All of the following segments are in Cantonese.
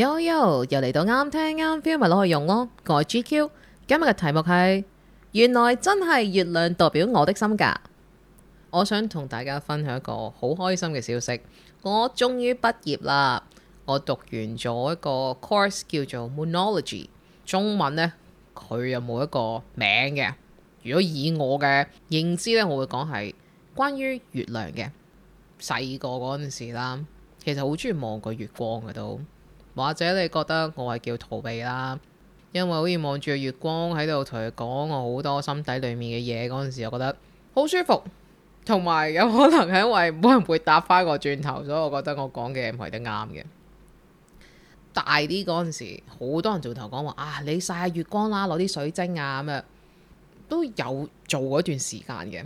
Yo 又嚟到啱聽啱 feel 咪攞去用咯。改 G Q 今日嘅題目係原來真係月亮代表我的心㗎。我想同大家分享一個好開心嘅消息，我終於畢業啦！我讀完咗一個 course 叫做 Moonology，中文呢，佢又冇一個名嘅。如果以我嘅認知呢，我會講係關於月亮嘅。細個嗰陣時啦，其實好中意望個月光嘅都。或者你覺得我係叫逃避啦，因為好似望住月光喺度同佢講我好多心底裡面嘅嘢嗰陣時，我覺得好舒服，同埋有，有可能係因為冇人會答翻我轉頭，所以我覺得我講嘅唔係啲啱嘅。大啲嗰陣時，好多人做頭講話啊，你曬下月光啦，攞啲水晶啊咁樣，都有做過一段時間嘅。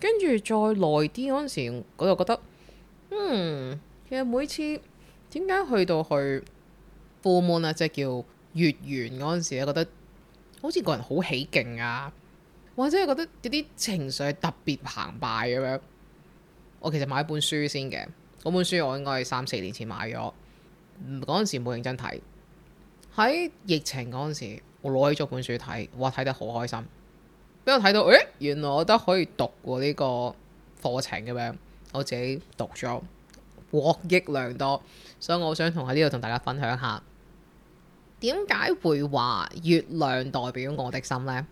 跟住再耐啲嗰陣時，我就覺得，嗯，其實每次。點解去到去 full moon 即係叫月圓嗰陣時咧，覺得好似個人好起勁啊，或者係覺得啲情緒特別澎湃咁樣。我其實買一本書先嘅，嗰本書我應該係三四年前買咗，嗰陣時冇認真睇。喺疫情嗰陣時，我攞起咗本書睇，哇，睇得好開心。俾我睇到，誒、欸，原來我都可以讀呢、啊這個課程咁樣，我自己讀咗。獲益良多，所以我想同喺呢度同大家分享下，點解會話月亮代表我的心呢？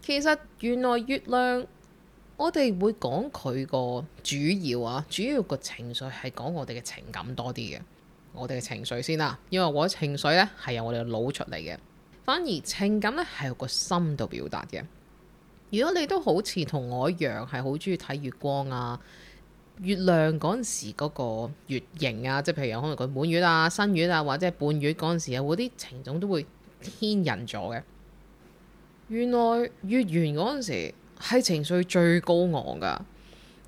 其實原來月亮，我哋會講佢個主要啊，主要個情緒係講我哋嘅情感多啲嘅。我哋嘅情緒先啦，因為我嘅情緒呢係由我哋嘅腦出嚟嘅，反而情感呢係由個心度表達嘅。如果你都好似同我一樣，係好中意睇月光啊。月亮嗰陣時嗰個月形啊，即係譬如可能佢滿月啊、新月啊，或者係半月嗰陣時啊，嗰啲情緒都會牽引咗嘅。原來月圓嗰陣時係情緒最高昂㗎。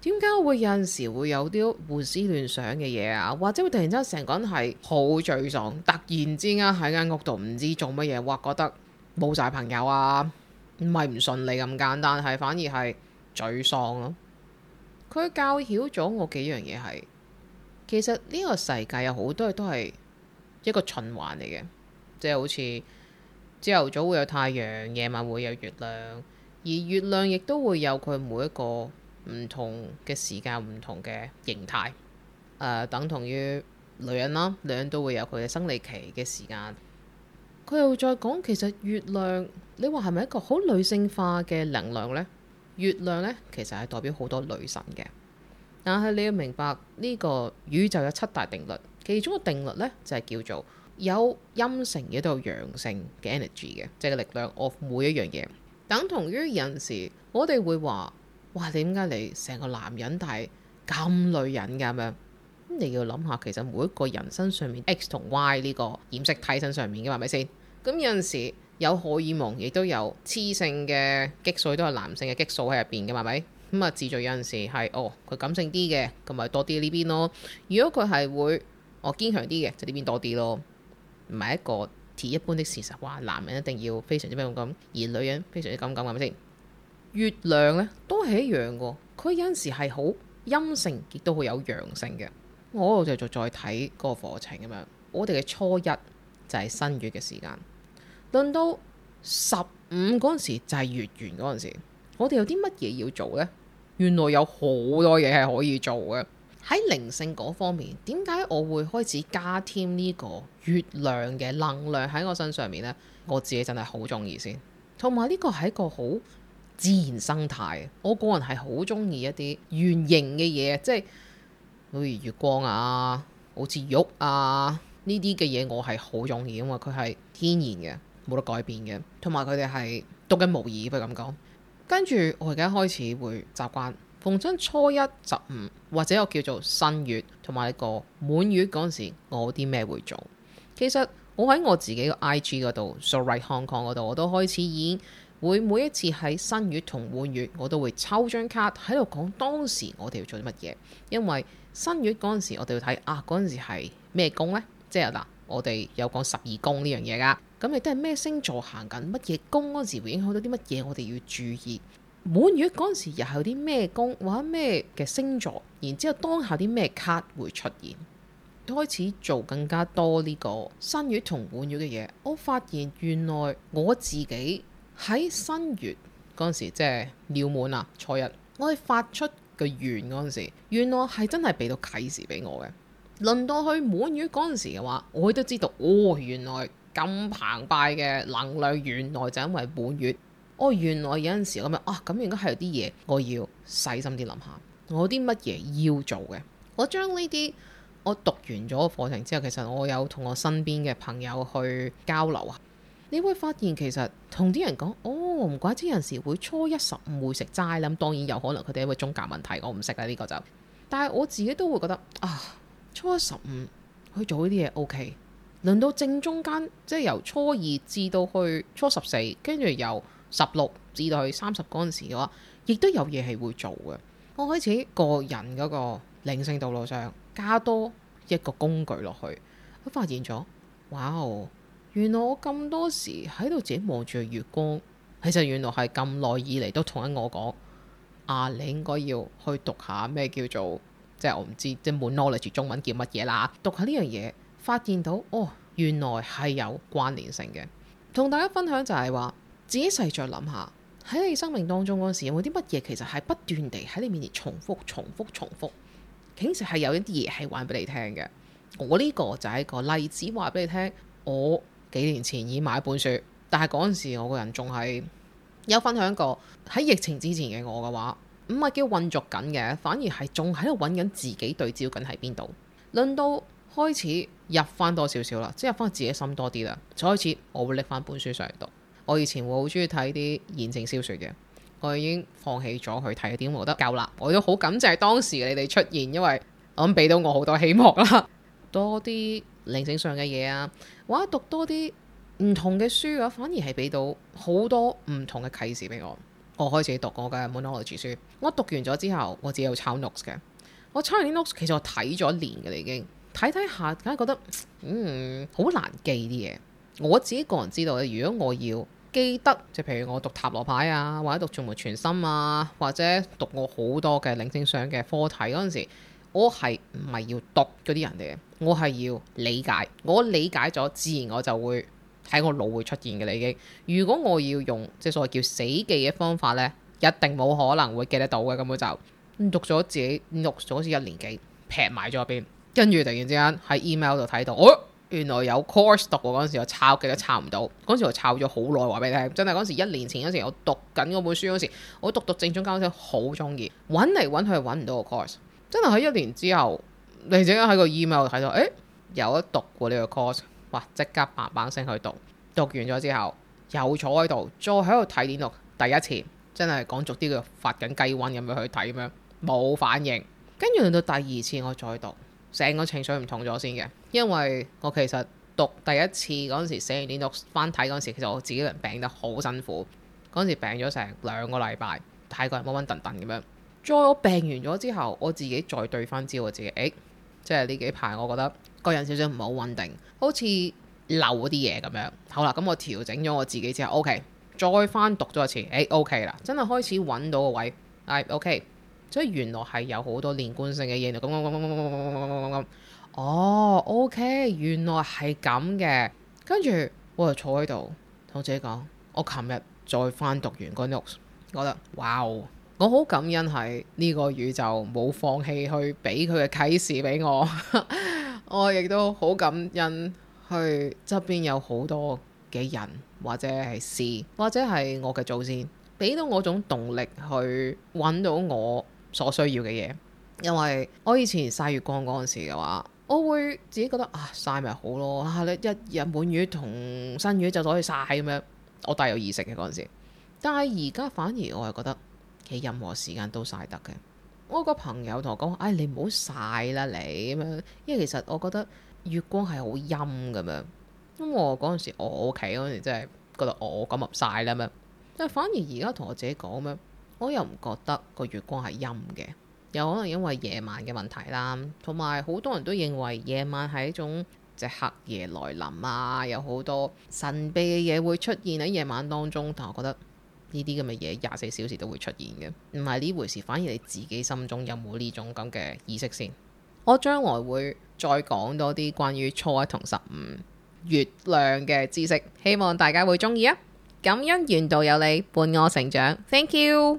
點解會有陣時會有啲胡思亂想嘅嘢啊？或者會突然之間成個人係好沮喪，突然之間喺間屋度唔知做乜嘢，或覺得冇晒朋友啊，唔係唔順利咁簡單，係反而係沮喪咯、啊。佢教曉咗我幾樣嘢係，其實呢個世界有好多嘢都係一個循環嚟嘅，即係好似朝頭早會有太陽，夜晚會有月亮，而月亮亦都會有佢每一個唔同嘅時間、唔同嘅形態。誒，等同於女人啦，女人都會有佢嘅生理期嘅時間。佢又再講，其實月亮，你話係咪一個好女性化嘅能量呢？月亮咧，其實係代表好多女神嘅，但係你要明白呢個宇宙有七大定律，其中嘅定律咧就係叫做有陰性亦都有陽性嘅 energy 嘅，即係個力量 of 每一樣嘢。等同於有陣時，我哋會話，哇，點解你成個男人但係咁女人㗎咁樣？咁你要諗下，其實每一個人身上面 X 同 Y 呢個染色體身上面嘅，係咪先？咁有陣時。有荷爾蒙，亦都有雌性嘅激素，都有男性嘅激素喺入邊嘅嘛？係咪咁啊？自助有陣時係哦，佢感性啲嘅，咁咪多啲呢邊咯。如果佢係會哦堅強啲嘅，就呢邊多啲咯。唔係一個鐵一般的事實，話男人一定要非常之敏感，而女人非常之敏感，係咪先？月亮咧都係一樣嘅，佢有陣時係好陰性，亦都好有陽性嘅。我度就再再睇嗰個課程咁樣，我哋嘅初一就係新月嘅時間。到十五嗰陣時就係月圓嗰陣時，我哋有啲乜嘢要做呢？原來有好多嘢係可以做嘅。喺靈性嗰方面，點解我會開始加添呢個月亮嘅能量喺我身上面呢？我自己真係好中意先，同埋呢個係一個好自然生態。我個人係好中意一啲圓形嘅嘢，即係好似月光啊，好似玉啊呢啲嘅嘢，我係好中意，因為佢係天然嘅。冇得改變嘅，同埋佢哋係讀緊無語，可以咁講。跟住我而家開始會習慣逢親初一、十五或者我叫做新月同埋一個滿月嗰陣時，我啲咩會做？其實我喺我自己嘅 IG 嗰度，Zorite HK 嗰度，我都開始已經會每一次喺新月同滿月，我都會抽張卡喺度講當時我哋要做啲乜嘢。因為新月嗰陣時我哋要睇啊，嗰陣時係咩工呢？即係嗱。我哋有講十二宮呢樣嘢噶，咁亦都係咩星座行緊乜嘢宮嗰時會影響到啲乜嘢，我哋要注意滿月嗰陣時又係有啲咩宮，或者咩嘅星座，然之後當下啲咩卡會出現，開始做更加多呢個新月同滿月嘅嘢。我發現原來我自己喺新月嗰陣時，即係鳥滿啊，初一，我哋發出個願嗰陣時，原來係真係俾到啟示俾我嘅。輪到去滿月嗰陣時嘅話，我都知道哦。原來咁澎湃嘅能量，原來就因為滿月。哦，原來有陣時咁樣啊，咁應該係有啲嘢我要細心啲諗下，我啲乜嘢要做嘅。我將呢啲我讀完咗課程之後，其實我有同我身邊嘅朋友去交流啊。你會發現其實同啲人講哦，唔怪之有陣時會初一十五會食齋啦。咁當然有可能佢哋因為宗教問題，我唔識啦呢個就。但係我自己都會覺得啊。初十五去做呢啲嘢 OK，輪到正中間，即係由初二至到去初十四，跟住由十六至到去三十嗰陣時嘅話，亦都有嘢係會做嘅。我開始個人嗰個靈性道路上加多一個工具落去，都發現咗，哇！原來我咁多時喺度自己望住月光，其實原來係咁耐以嚟都同緊我講，啊，你應該要去讀下咩叫做。即係我唔知，即係 Moonology 中文叫乜嘢啦。讀下呢樣嘢，發現到哦，原來係有關聯性嘅。同大家分享就係話，自己仔細再諗下，喺你生命當中嗰陣時，有冇啲乜嘢其實係不斷地喺你面前重複、重複、重複，重複，其實係有一啲嘢係玩俾你聽嘅。我呢個就係一個例子，話俾你聽。我幾年前已買本書，但係嗰陣時我個人仲係有分享過喺疫情之前嘅我嘅話。唔係、嗯、叫渾濁緊嘅，反而係仲喺度揾緊自己對焦緊喺邊度。輪到開始入翻多少少啦，即係入翻自己心多啲啦。就開始，我會拎翻本書上嚟讀。我以前會好中意睇啲言情小說嘅，我已經放棄咗去睇，點我覺得夠啦。我都好感謝當時你哋出現，因為我諗俾到我好多希望啦，多啲靈性上嘅嘢啊。或者讀多啲唔同嘅書啊，反而係俾到好多唔同嘅啟示俾我。我開始讀我嘅 Moonology 書。我讀完咗之後，我自己有抄 notes 嘅。我抄完 notes，其實我睇咗一年嘅啦，已經睇睇下，梗係覺得，嗯，好難記啲嘢。我自己個人知道咧，如果我要記得，即譬如我讀塔羅牌啊，或者讀全媒全心啊，或者讀我好多嘅靈性上嘅課題嗰陣時，我係唔係要讀嗰啲人嚟嘅？我係要理解，我理解咗，自然我就會。喺我腦會出現嘅你已經。如果我要用即係所謂叫死記嘅方法咧，一定冇可能會記得到嘅。根本就讀咗自己讀咗好似一年幾，劈埋咗入邊，跟住突然之間喺 email 度睇到，哦，原來有 course 讀嗰陣時我抄記都抄唔到，嗰陣時我抄咗好耐話俾你聽，真係嗰陣時一年前嗰陣時我讀緊嗰本書嗰時，我讀本書時我讀正宗交書好中意，搵嚟搵去搵唔到個 course，真係喺一年之後，突然之間喺個 email 度睇到，誒、欸，有得讀過呢個 course。即刻砰砰聲去讀，讀完咗之後又坐喺度，再喺度睇點讀。第一次真係講俗啲叫發緊雞瘟咁樣去睇咁樣，冇反應。跟住去到第二次我再讀，成個情緒唔同咗先嘅，因為我其實讀第一次嗰陣時寫完點讀翻睇嗰陣時，其實我自己人病得好辛苦，嗰陣時病咗成兩個禮拜，睇過人鬱鬱揼揼咁樣。再我病完咗之後，我自己再對翻招我自己，誒、欸，即係呢幾排我覺得。個人少少唔好穩定，好似漏咗啲嘢咁樣。好啦，咁我調整咗我自己之後，OK，再翻讀咗一次，誒，O K 啦，真係開始揾到個位，係 O K。即係原來係有好多連貫性嘅嘢。咁咁咁咁哦，OK，原來係咁嘅。跟住我就坐喺度同自己講：我琴日再翻讀完個 notes，覺得哇，我好感恩係呢個宇宙冇放棄去俾佢嘅啟示俾我。 我亦都好感恩，去側邊有好多嘅人或者係事，或者係我嘅祖先，俾到我種動力去揾到我所需要嘅嘢。因為我以前晒月光嗰陣時嘅話，我會自己覺得啊曬咪好咯，啊、你一日滿月同新月就都可以晒。咁樣，我大有意識嘅嗰陣時。但係而家反而我係覺得，喺任何時間都晒得嘅。我個朋友同我講，唉、哎，你唔好晒啦，你咁樣，因為其實我覺得月光係好陰咁樣。咁我嗰陣時，我屋企嗰陣時真係覺得我咁啊晒啦嘛。但反而而家同我自己講，咩我又唔覺得個月光係陰嘅。有可能因為夜晚嘅問題啦，同埋好多人都認為夜晚係一種即黑夜來臨啊，有好多神秘嘅嘢會出現喺夜晚當中。但我覺得。呢啲咁嘅嘢，廿四小時都會出現嘅，唔係呢回事，反而你自己心中有冇呢種咁嘅意識先？我將來會再講多啲關於初一同十五月亮嘅知識，希望大家會鍾意啊！感恩原道有你伴我成長，Thank you。